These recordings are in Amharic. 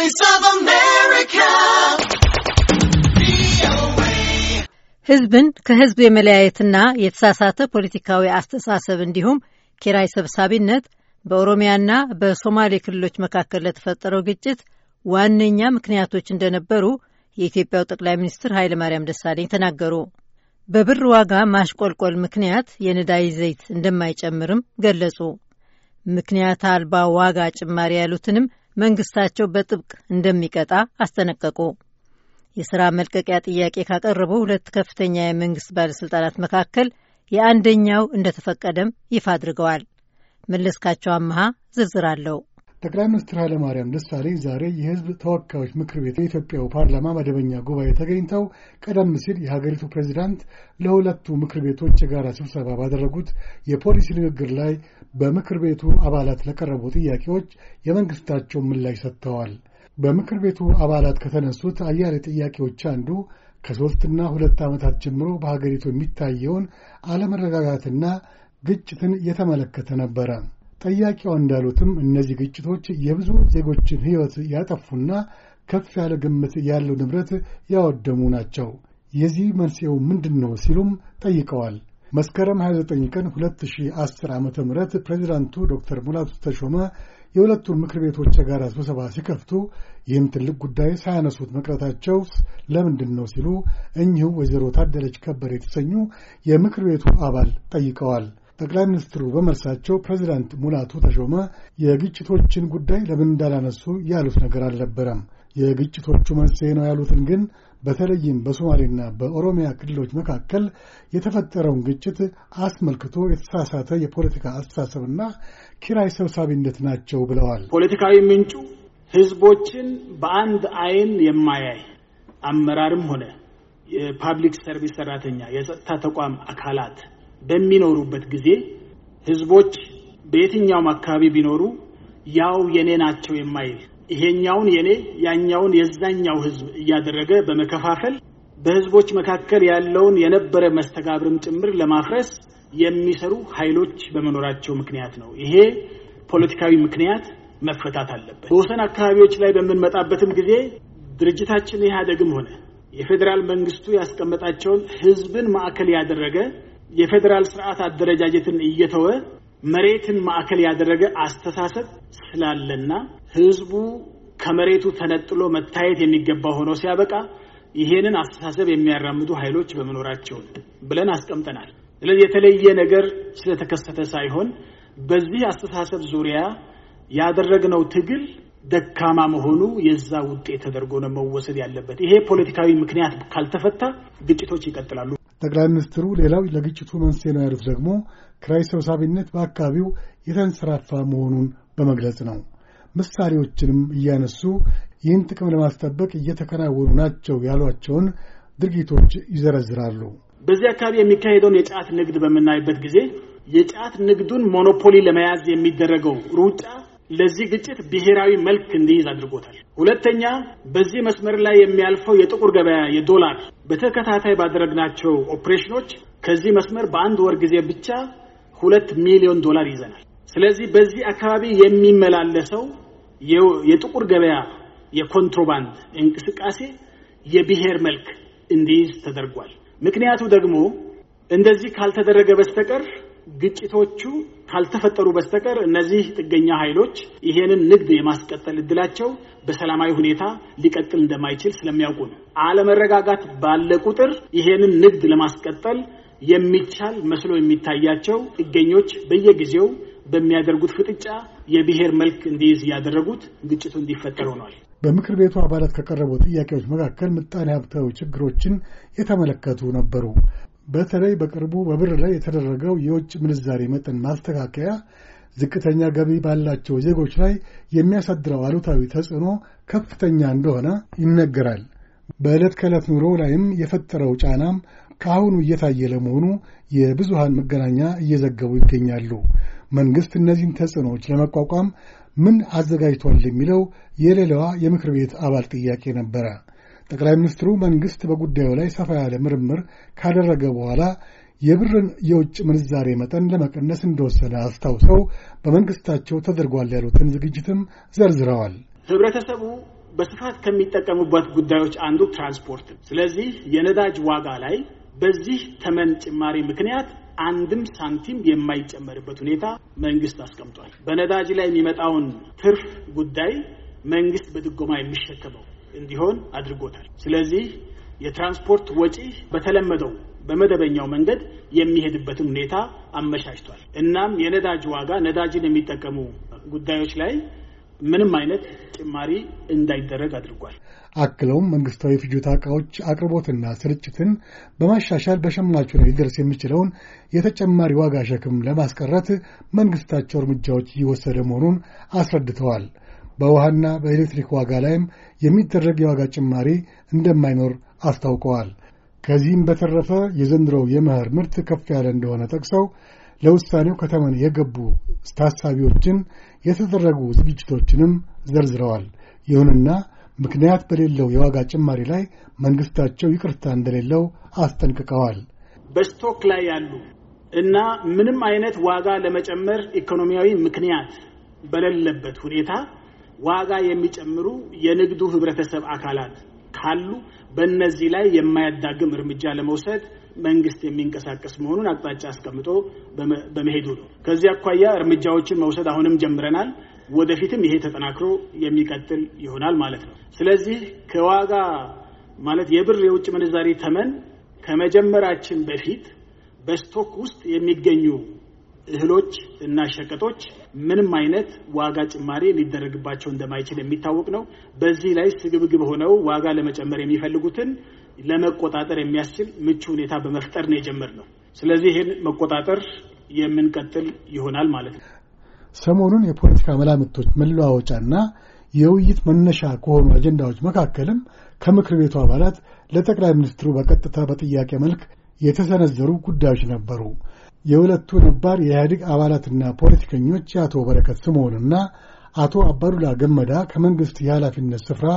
Voice of America. ህዝብን ከህዝብ የመለያየትና የተሳሳተ ፖለቲካዊ አስተሳሰብ እንዲሁም ኪራይ ሰብሳቢነት በኦሮሚያና በሶማሌ ክልሎች መካከል ለተፈጠረው ግጭት ዋነኛ ምክንያቶች እንደነበሩ የኢትዮጵያው ጠቅላይ ሚኒስትር ኃይለማርያም ማርያም ደሳለኝ ተናገሩ። በብር ዋጋ ማሽቆልቆል ምክንያት የነዳጅ ዘይት እንደማይጨምርም ገለጹ። ምክንያት አልባ ዋጋ ጭማሪ ያሉትንም መንግስታቸው በጥብቅ እንደሚቀጣ አስጠነቀቁ። የሥራ መልቀቂያ ጥያቄ ካቀረቡ ሁለት ከፍተኛ የመንግሥት ባለሥልጣናት መካከል የአንደኛው እንደተፈቀደም ይፋ አድርገዋል። መለስካቸው አመሃ ዝርዝር አለው። ጠቅላይ ሚኒስትር ኃይለማርያም ደሳሌ ዛሬ የህዝብ ተወካዮች ምክር ቤት የኢትዮጵያው ፓርላማ መደበኛ ጉባኤ ተገኝተው ቀደም ሲል የሀገሪቱ ፕሬዚዳንት ለሁለቱ ምክር ቤቶች የጋራ ስብሰባ ባደረጉት የፖሊሲ ንግግር ላይ በምክር ቤቱ አባላት ለቀረቡ ጥያቄዎች የመንግስታቸውን ምላሽ ሰጥተዋል። በምክር ቤቱ አባላት ከተነሱት አያሌ ጥያቄዎች አንዱ ከሦስትና ሁለት ዓመታት ጀምሮ በሀገሪቱ የሚታየውን አለመረጋጋትና ግጭትን የተመለከተ ነበረ። ጠያቂዋ እንዳሉትም እነዚህ ግጭቶች የብዙ ዜጎችን ሕይወት ያጠፉና ከፍ ያለ ግምት ያለው ንብረት ያወደሙ ናቸው። የዚህ መንስኤው ምንድን ነው ሲሉም ጠይቀዋል። መስከረም 29 ቀን 2010 ዓ ም ፕሬዚዳንቱ ዶክተር ሙላቱ ተሾመ የሁለቱን ምክር ቤቶች የጋራ ስብሰባ ሲከፍቱ ይህም ትልቅ ጉዳይ ሳያነሱት መቅረታቸውስ ለምንድን ነው ሲሉ እኚሁ ወይዘሮ ታደለች ከበር የተሰኙ የምክር ቤቱ አባል ጠይቀዋል። ጠቅላይ ሚኒስትሩ በመልሳቸው ፕሬዚዳንት ሙላቱ ተሾመ የግጭቶችን ጉዳይ ለምን እንዳላነሱ ያሉት ነገር አልነበረም። የግጭቶቹ መንስኤ ነው ያሉትን ግን በተለይም በሶማሌና በኦሮሚያ ክልሎች መካከል የተፈጠረውን ግጭት አስመልክቶ የተሳሳተ የፖለቲካ አስተሳሰብና ኪራይ ሰብሳቢነት ናቸው ብለዋል። ፖለቲካዊ ምንጩ ህዝቦችን በአንድ አይን የማያይ አመራርም ሆነ የፓብሊክ ሰርቪስ ሰራተኛ፣ የጸጥታ ተቋም አካላት በሚኖሩበት ጊዜ ህዝቦች በየትኛውም አካባቢ ቢኖሩ ያው የኔ ናቸው የማይል ይሄኛውን የኔ ያኛውን የዛኛው ህዝብ እያደረገ በመከፋፈል በህዝቦች መካከል ያለውን የነበረ መስተጋብርም ጭምር ለማፍረስ የሚሰሩ ኃይሎች በመኖራቸው ምክንያት ነው። ይሄ ፖለቲካዊ ምክንያት መፈታት አለበት። በወሰን አካባቢዎች ላይ በምንመጣበትም ጊዜ ድርጅታችን ኢህአደግም ሆነ የፌዴራል መንግስቱ ያስቀመጣቸውን ህዝብን ማዕከል ያደረገ የፌዴራል ስርዓት አደረጃጀትን እየተወ መሬትን ማዕከል ያደረገ አስተሳሰብ ስላለና ህዝቡ ከመሬቱ ተነጥሎ መታየት የሚገባ ሆኖ ሲያበቃ ይሄንን አስተሳሰብ የሚያራምዱ ኃይሎች በመኖራቸው ብለን አስቀምጠናል። ስለዚህ የተለየ ነገር ስለተከሰተ ሳይሆን በዚህ አስተሳሰብ ዙሪያ ያደረግነው ትግል ደካማ መሆኑ የዛ ውጤት ተደርጎ ነው መወሰድ ያለበት። ይሄ ፖለቲካዊ ምክንያት ካልተፈታ ግጭቶች ይቀጥላሉ። ጠቅላይ ሚኒስትሩ ሌላው ለግጭቱ መንስኤ ነው ያሉት ደግሞ ኪራይ ሰብሳቢነት በአካባቢው የተንሰራፋ መሆኑን በመግለጽ ነው። ምሳሌዎችንም እያነሱ ይህን ጥቅም ለማስጠበቅ እየተከናወኑ ናቸው ያሏቸውን ድርጊቶች ይዘረዝራሉ። በዚህ አካባቢ የሚካሄደውን የጫት ንግድ በምናይበት ጊዜ የጫት ንግዱን ሞኖፖሊ ለመያዝ የሚደረገው ሩጫ ለዚህ ግጭት ብሔራዊ መልክ እንዲይዝ አድርጎታል። ሁለተኛ በዚህ መስመር ላይ የሚያልፈው የጥቁር ገበያ የዶላር በተከታታይ ባደረግናቸው ኦፕሬሽኖች ከዚህ መስመር በአንድ ወር ጊዜ ብቻ ሁለት ሚሊዮን ዶላር ይዘናል። ስለዚህ በዚህ አካባቢ የሚመላለሰው የጥቁር ገበያ የኮንትሮባንድ እንቅስቃሴ የብሔር መልክ እንዲይዝ ተደርጓል። ምክንያቱ ደግሞ እንደዚህ ካልተደረገ በስተቀር ግጭቶቹ ካልተፈጠሩ በስተቀር እነዚህ ጥገኛ ኃይሎች ይሄንን ንግድ የማስቀጠል እድላቸው በሰላማዊ ሁኔታ ሊቀጥል እንደማይችል ስለሚያውቁ ነው። አለመረጋጋት ባለ ቁጥር ይሄንን ንግድ ለማስቀጠል የሚቻል መስሎ የሚታያቸው ጥገኞች በየጊዜው በሚያደርጉት ፍጥጫ የብሔር መልክ እንዲይዝ ያደረጉት ግጭቱ እንዲፈጠር ሆኗል። በምክር ቤቱ አባላት ከቀረቡ ጥያቄዎች መካከል ምጣኔ ሀብታዊ ችግሮችን የተመለከቱ ነበሩ። በተለይ በቅርቡ በብር ላይ የተደረገው የውጭ ምንዛሬ መጠን ማስተካከያ ዝቅተኛ ገቢ ባላቸው ዜጎች ላይ የሚያሳድረው አሉታዊ ተጽዕኖ ከፍተኛ እንደሆነ ይነገራል። በዕለት ከዕለት ኑሮ ላይም የፈጠረው ጫናም ከአሁኑ እየታየ ለመሆኑ የብዙሃን መገናኛ እየዘገቡ ይገኛሉ። መንግሥት እነዚህን ተጽዕኖዎች ለመቋቋም ምን አዘጋጅቷል የሚለው የሌላዋ የምክር ቤት አባል ጥያቄ ነበረ። ጠቅላይ ሚኒስትሩ መንግሥት በጉዳዩ ላይ ሰፋ ያለ ምርምር ካደረገ በኋላ የብርን የውጭ ምንዛሬ መጠን ለመቀነስ እንደወሰነ አስታውሰው በመንግሥታቸው ተደርጓል ያሉትን ዝግጅትም ዘርዝረዋል። ህብረተሰቡ በስፋት ከሚጠቀሙበት ጉዳዮች አንዱ ትራንስፖርት። ስለዚህ የነዳጅ ዋጋ ላይ በዚህ ተመን ጭማሪ ምክንያት አንድም ሳንቲም የማይጨመርበት ሁኔታ መንግስት አስቀምጧል። በነዳጅ ላይ የሚመጣውን ትርፍ ጉዳይ መንግስት በድጎማ የሚሸከመው እንዲሆን አድርጎታል። ስለዚህ የትራንስፖርት ወጪ በተለመደው በመደበኛው መንገድ የሚሄድበትን ሁኔታ አመቻችቷል። እናም የነዳጅ ዋጋ ነዳጅን የሚጠቀሙ ጉዳዮች ላይ ምንም አይነት ጭማሪ እንዳይደረግ አድርጓል። አክለውም መንግስታዊ ፍጆታ እቃዎች አቅርቦትና ስርጭትን በማሻሻል በሸማቹ ላይ ሊደርስ የሚችለውን የተጨማሪ ዋጋ ሸክም ለማስቀረት መንግስታቸው እርምጃዎች እየወሰደ መሆኑን አስረድተዋል። በውሃና በኤሌክትሪክ ዋጋ ላይም የሚደረግ የዋጋ ጭማሪ እንደማይኖር አስታውቀዋል። ከዚህም በተረፈ የዘንድሮው የመኸር ምርት ከፍ ያለ እንደሆነ ጠቅሰው ለውሳኔው ከተመን የገቡ ታሳቢዎችን የተደረጉ ዝግጅቶችንም ዘርዝረዋል። ይሁንና ምክንያት በሌለው የዋጋ ጭማሪ ላይ መንግስታቸው ይቅርታ እንደሌለው አስጠንቅቀዋል። በስቶክ ላይ ያሉ እና ምንም አይነት ዋጋ ለመጨመር ኢኮኖሚያዊ ምክንያት በሌለበት ሁኔታ ዋጋ የሚጨምሩ የንግዱ ህብረተሰብ አካላት ካሉ በእነዚህ ላይ የማያዳግም እርምጃ ለመውሰድ መንግስት የሚንቀሳቀስ መሆኑን አቅጣጫ አስቀምጦ በመሄዱ ነው። ከዚህ አኳያ እርምጃዎችን መውሰድ አሁንም ጀምረናል። ወደፊትም ይሄ ተጠናክሮ የሚቀጥል ይሆናል ማለት ነው። ስለዚህ ከዋጋ ማለት የብር የውጭ ምንዛሪ ተመን ከመጀመራችን በፊት በስቶክ ውስጥ የሚገኙ እህሎች እና ሸቀጦች ምንም አይነት ዋጋ ጭማሪ ሊደረግባቸው እንደማይችል የሚታወቅ ነው። በዚህ ላይ ስግብግብ ሆነው ዋጋ ለመጨመር የሚፈልጉትን ለመቆጣጠር የሚያስችል ምቹ ሁኔታ በመፍጠር ነው የጀመርነው። ስለዚህ ይህን መቆጣጠር የምንቀጥል ይሆናል ማለት ነው። ሰሞኑን የፖለቲካ መላምቶች መለዋወጫና የውይይት መነሻ ከሆኑ አጀንዳዎች መካከልም ከምክር ቤቱ አባላት ለጠቅላይ ሚኒስትሩ በቀጥታ በጥያቄ መልክ የተሰነዘሩ ጉዳዮች ነበሩ። የሁለቱ ነባር የኢህአዴግ አባላትና ፖለቲከኞች የአቶ በረከት ስምዖንና አቶ አባዱላ ገመዳ ከመንግሥት የኃላፊነት ስፍራ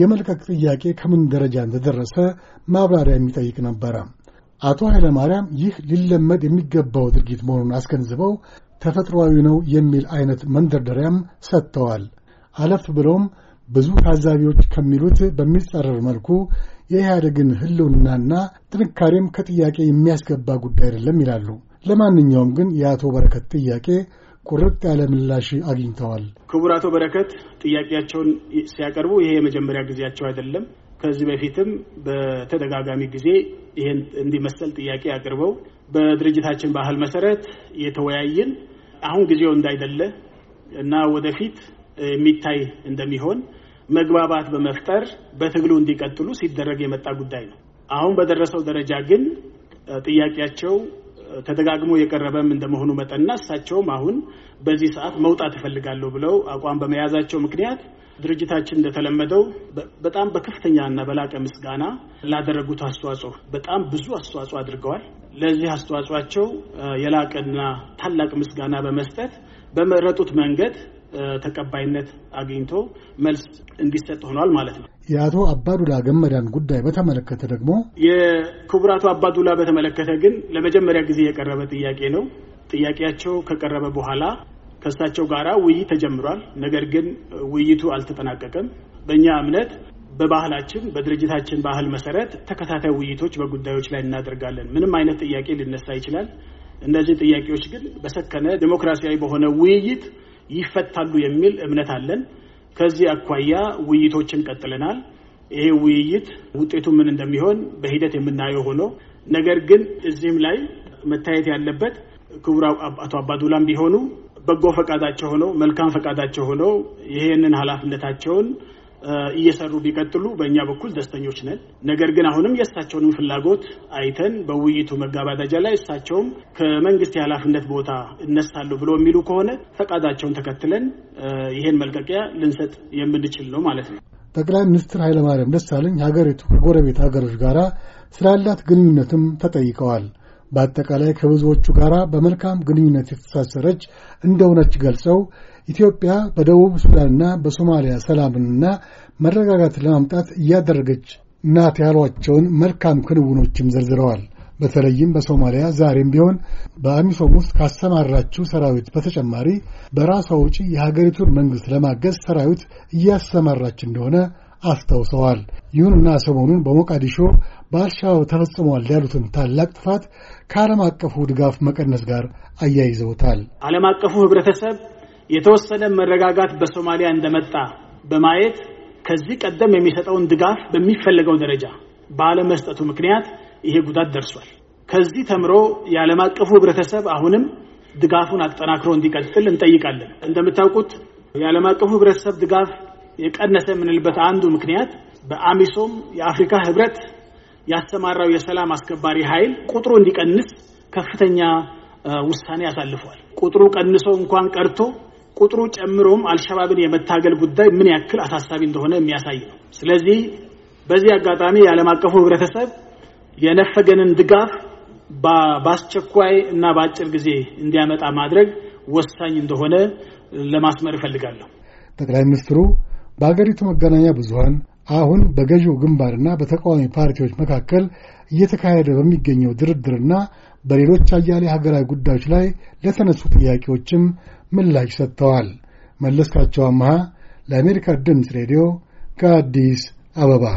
የመልቀቅ ጥያቄ ከምን ደረጃ እንደደረሰ ማብራሪያ የሚጠይቅ ነበረ። አቶ ኃይለማርያም ይህ ሊለመድ የሚገባው ድርጊት መሆኑን አስገንዝበው ተፈጥሯዊ ነው የሚል አይነት መንደርደሪያም ሰጥተዋል። አለፍ ብለውም ብዙ ታዛቢዎች ከሚሉት በሚጻረር መልኩ የኢህአደግን ህልውናና ጥንካሬም ከጥያቄ የሚያስገባ ጉዳይ አይደለም ይላሉ። ለማንኛውም ግን የአቶ በረከት ጥያቄ ቁርጥ ያለ ምላሽ አግኝተዋል። ክቡር አቶ በረከት ጥያቄያቸውን ሲያቀርቡ ይሄ የመጀመሪያ ጊዜያቸው አይደለም። ከዚህ በፊትም በተደጋጋሚ ጊዜ ይህን እንዲመሰል ጥያቄ አቅርበው በድርጅታችን ባህል መሰረት የተወያየን አሁን ጊዜው እንዳይደለ እና ወደፊት የሚታይ እንደሚሆን መግባባት በመፍጠር በትግሉ እንዲቀጥሉ ሲደረግ የመጣ ጉዳይ ነው። አሁን በደረሰው ደረጃ ግን ጥያቄያቸው ተደጋግሞ የቀረበም እንደመሆኑ መጠንና እሳቸውም አሁን በዚህ ሰዓት መውጣት እፈልጋለሁ ብለው አቋም በመያዛቸው ምክንያት ድርጅታችን እንደተለመደው በጣም በከፍተኛና በላቀ ምስጋና ላደረጉት አስተዋጽኦ በጣም ብዙ አስተዋጽኦ አድርገዋል። ለዚህ አስተዋጽኦአቸው የላቀና ታላቅ ምስጋና በመስጠት በመረጡት መንገድ ተቀባይነት አግኝቶ መልስ እንዲሰጥ ሆኗል ማለት ነው። የአቶ አባዱላ ገመዳን ጉዳይ በተመለከተ ደግሞ የክቡራቱ አባዱላ በተመለከተ ግን ለመጀመሪያ ጊዜ የቀረበ ጥያቄ ነው። ጥያቄያቸው ከቀረበ በኋላ ከእሳቸው ጋር ውይይት ተጀምሯል። ነገር ግን ውይይቱ አልተጠናቀቀም። በእኛ እምነት በባህላችን በድርጅታችን ባህል መሰረት ተከታታይ ውይይቶች በጉዳዮች ላይ እናደርጋለን። ምንም አይነት ጥያቄ ሊነሳ ይችላል። እነዚህ ጥያቄዎች ግን በሰከነ ዴሞክራሲያዊ በሆነ ውይይት ይፈታሉ የሚል እምነት አለን። ከዚህ አኳያ ውይይቶችን ቀጥለናል። ይሄ ውይይት ውጤቱ ምን እንደሚሆን በሂደት የምናየው ሆኖ ነገር ግን እዚህም ላይ መታየት ያለበት ክቡር አቶ አባዱላም ቢሆኑ በጎ ፈቃዳቸው ሆነው መልካም ፈቃዳቸው ሆነው ይሄንን ኃላፊነታቸውን እየሰሩ ቢቀጥሉ በእኛ በኩል ደስተኞች ነን። ነገር ግን አሁንም የእሳቸውንም ፍላጎት አይተን በውይይቱ መጋባዳጃ ላይ እሳቸውም ከመንግስት የኃላፊነት ቦታ እነሳሉ ብሎ የሚሉ ከሆነ ፈቃዳቸውን ተከትለን ይሄን መልቀቂያ ልንሰጥ የምንችል ነው ማለት ነው። ጠቅላይ ሚኒስትር ኃይለማርያም ደሳለኝ ሀገሪቱ ከጎረቤት ሀገሮች ጋር ስላላት ግንኙነትም ተጠይቀዋል። በአጠቃላይ ከብዙዎቹ ጋር በመልካም ግንኙነት የተሳሰረች እንደሆነች ገልጸው ኢትዮጵያ በደቡብ ሱዳንና በሶማሊያ ሰላምንና መረጋጋት ለማምጣት እያደረገች ናት ያሏቸውን መልካም ክንውኖችም ዘርዝረዋል። በተለይም በሶማሊያ ዛሬም ቢሆን በአሚሶም ውስጥ ካሰማራችው ሰራዊት በተጨማሪ በራሷ ውጪ የሀገሪቱን መንግሥት ለማገዝ ሰራዊት እያሰማራች እንደሆነ አስታውሰዋል። ይሁንና ሰሞኑን በሞቃዲሾ በአልሻባብ ተፈጽሟል ያሉትን ታላቅ ጥፋት ከዓለም አቀፉ ድጋፍ መቀነስ ጋር አያይዘውታል። ዓለም አቀፉ ህብረተሰብ የተወሰነ መረጋጋት በሶማሊያ እንደመጣ በማየት ከዚህ ቀደም የሚሰጠውን ድጋፍ በሚፈለገው ደረጃ ባለመስጠቱ ምክንያት ይሄ ጉዳት ደርሷል። ከዚህ ተምሮ የዓለም አቀፉ ህብረተሰብ አሁንም ድጋፉን አጠናክሮ እንዲቀጥል እንጠይቃለን። እንደምታውቁት የዓለም አቀፉ ህብረተሰብ ድጋፍ የቀነሰ የምንልበት አንዱ ምክንያት በአሚሶም የአፍሪካ ህብረት ያሰማራው የሰላም አስከባሪ ኃይል ቁጥሩ እንዲቀንስ ከፍተኛ ውሳኔ አሳልፏል። ቁጥሩ ቀንሶ እንኳን ቀርቶ ቁጥሩ ጨምሮም አልሸባብን የመታገል ጉዳይ ምን ያክል አሳሳቢ እንደሆነ የሚያሳይ ነው። ስለዚህ በዚህ አጋጣሚ የዓለም አቀፉ ህብረተሰብ የነፈገንን ድጋፍ በአስቸኳይ እና በአጭር ጊዜ እንዲያመጣ ማድረግ ወሳኝ እንደሆነ ለማስመር እፈልጋለሁ። ጠቅላይ ሚኒስትሩ በሀገሪቱ መገናኛ ብዙሀን አሁን በገዢው ግንባርና በተቃዋሚ ፓርቲዎች መካከል እየተካሄደ በሚገኘው ድርድርና በሌሎች አያሌ ሀገራዊ ጉዳዮች ላይ ለተነሱ ጥያቄዎችም ምላሽ ሰጥተዋል። መለስካቸው አመሃ ለአሜሪካ ድምፅ ሬዲዮ ከአዲስ አበባ